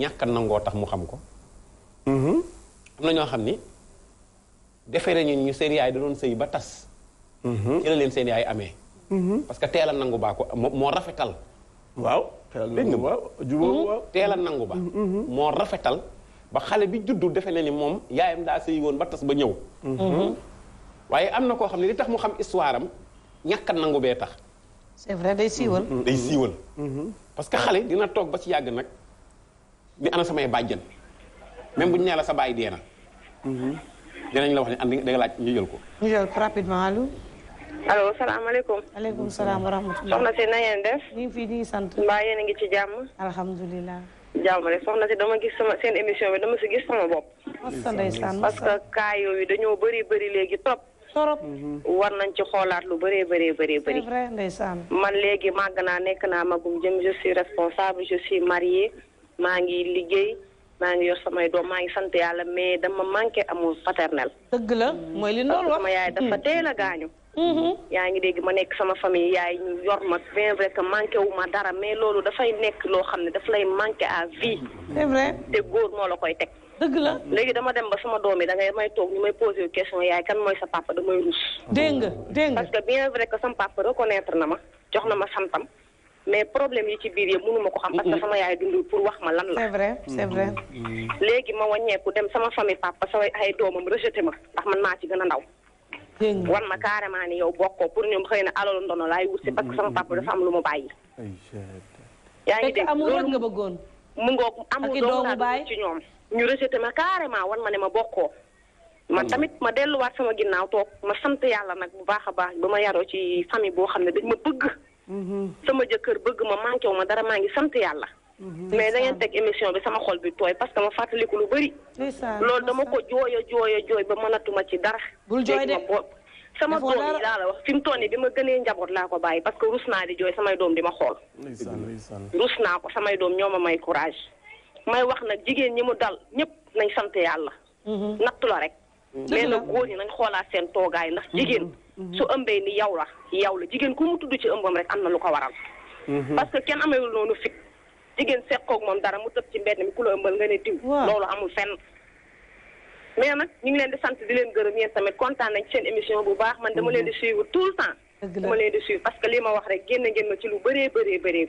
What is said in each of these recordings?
ñàkk a nangoo tax mu xam ko. Mm-hmm. am na ñoo xam ni defee nañu ñu seen yaay da doon sëy ba tas. Mm-hmm. ci leen seen yaay amee. Mm-hmm. parce que teel a nangu baa ko moo rafetal. waaw dégg nga waaw jubóo teel a nangu ba. moo rafetal ba xale bi juddu defe na ni moom yaayam daa sëy woon ba tas ba ñëw. waaye am na koo xam ne li tax mu xam histoire am ñàkk nangu bee tax. c'est vrai day siiwal. day siiwal. parce que xale dina toog ba ci yàgg nag. di ana samay bàjjen même bu ñu nee la sa bàyyi dee na. Mhm. dinañ la wax ko. rapidement allo. allo salaamaaleykum. aleykum salaam wa rahmatulah. soxna si na ngeen def. fii di sant. mbaa yéen a ngi ci jàmm. alhamdulilah. jàmm rek soxna si dama gis sama seen émission bi dama si gis sama bopp. ndeysaan parce que cas yooyu dañoo bëri bëri léegi trop. torop mhm. war nañ ci xoolaat lu bëree bëree bari bëri. c'est vrai ndeysaan. man léegi màgg naa nekk naa magum jëm je suis responsable je suis maa ngi liggéey maa ngi yor samay doom maa ngi sant yàlla mais dama manqué amul paternel. dëgg la mooy li loolu wax sama yaay dafa teel a gaañu. Mm-hmm. yaa ngi dégg ma nekk sama famille yaay ñu yor ma bien vrai que manqué wu ma dara mais loolu dafay nekk loo xam ne daf lay manqué à vie. c'est vrai te góor moo la koy teg. dëgg la léegi dama dem ba sama doom yi da ngay may toog ñu may posé question yaay kan mooy sa papa damay ruus. dégg nga dégg nga parce que bien vrai que sama papa reconnaître na ma jox na ma santam. mais problème yi ci biir yëpp mënuma ko xam. parce que sama yaay dundul pour wax ma lan la. c'est vrai léegi ma wàññeeku dem sama famille papa sama ay doomam rejeté ma ndax man maa ci gën a ndaw. wan ma carrément ni yow bokkoo pour ñoom xëy na alalu ndono laay wut si parce que sama papa dafa am lu mu bàyyi. yaa ngi dégg amul lan nga bëggoon. mu ngoog amul doomu baay ci ñoom. ñu rejeté ma carrément wan ma ne ma bokkoo. man mm. tamit ma delluwaat sama ginnaaw toog ma sant yàlla nag bu baax a baax ba ma yaroo ci famille boo xam ne dañ ma bëgg. sama jëkkër bëgg ma manqué wu ma dara maa ngi sant yàlla. Mhm. mais da ngeen teg émission bi sama xol bi tooy parce que ma fàttaliku lu bëri. loolu dama ko jooy a jooy a ba manatuma ci dara. bul jooy de sama doom yi laa la wax fi mu toll nii bi ma gënee njaboot laa ko bàyyi parce que rus naa di jooy samay doom di ma xool. rus naa ko samay doom ñoo ma may courage. may wax nag jigéen ñi mu dal ñëpp nañ sant yàlla. Mhm. nattu la rek. mais mm-hmm. góor ñi nañ xoolaat seen toogaay ndax mm-hmm. jigéen mm-hmm. su ëmbee ni yow la yow la jigéen ku mu tudd ci ëmbam rek am na lu ko waral parce que kenn amewul noonu fit jigéen seqoog moom dara mu tëb ci mbedd mi ku la ëmbal nga ne diw loolu amul fenn mais ñu ngi leen di sant di leen gërëm yéen tamit kontaan nañ seen émission bu baax man dama leen di suivre tout le temps dama leen di suivre parce que li ma wax rek génn ngeen ma ci lu bëree bëree bëree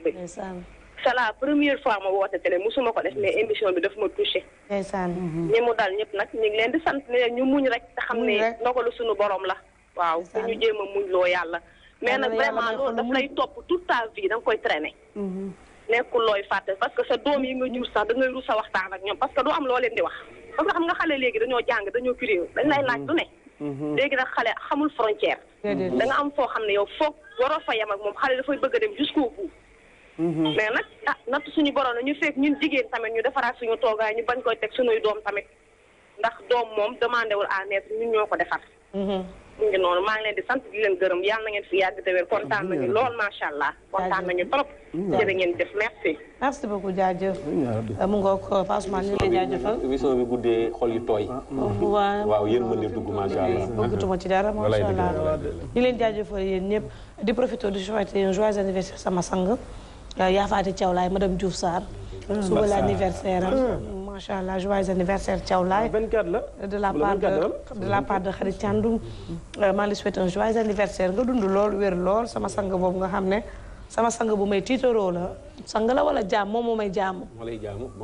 c'est la première fois ma woote télé musuma ko def mais émission bi daf ma touché. Mhm. ñi mu dal ñëpp nag ñu ngi leen di sant ne ñu muñ rek. te xam ne ndogalu suñu borom la. waaw ku ñu jéem a muñ loo yàlla. mais nag vraiment loolu daf lay topp toute ta vie da nga koy traîner. Mhm. nekkul looy fàtte parce que sa doom yi nga jur sax da ngay rus a waxtaan ak ñoom parce que du am loo leen di wax. parce que xam nga xale léegi dañoo jàng dañoo curieux dañ lay laaj du ne. Mhm. léegi nag xale xamul frontière. da nga am foo xam ne yow foog waroo fa yem moom xale dafay bëgg dem jusqu'au Mm-hmm. mais nag ah natt suñu borom la ñu fekk ñun jigéen tamit ñu defaraat suñu toogaay ñu bañ koy teg suñuy doom tamit ndax doom moom demandé wul à naître ñun ñoo ko defar. Mm-hmm. mu ngi noonu maa ngi leen di sant di leen yàlla ngeen fi yàgg te wér kontaan nañu lool macha allah kontaan nañu trop. jërë ngeen def merci. merci beaucoup jaajëf. Euh, mu ngoog euh, franchement ñu ngi lay jaajëfal. émission bi guddee xol yu tooy. waaw ah, ah. waaw yéen mën ne dugg macha ci dara macha allah ñu leen jaajëfal ñëpp di profité di souhaiter un joyeux anniversaire sama sang. Yafaati Thiawlaay madame Diouf Sarr. Hmm. suba la anniversaire am. Hmm. macha allah joyeux anniversaire Thiawlaay. la de la part de de la part de Xarit Thiandoum. Euh, maa ngi souhaite un anniversaire nga dund lool wér lool sama sang boobu nga xam ne sama sang bu may tiitaroo la sang la wala jaam moom moo may jaamu.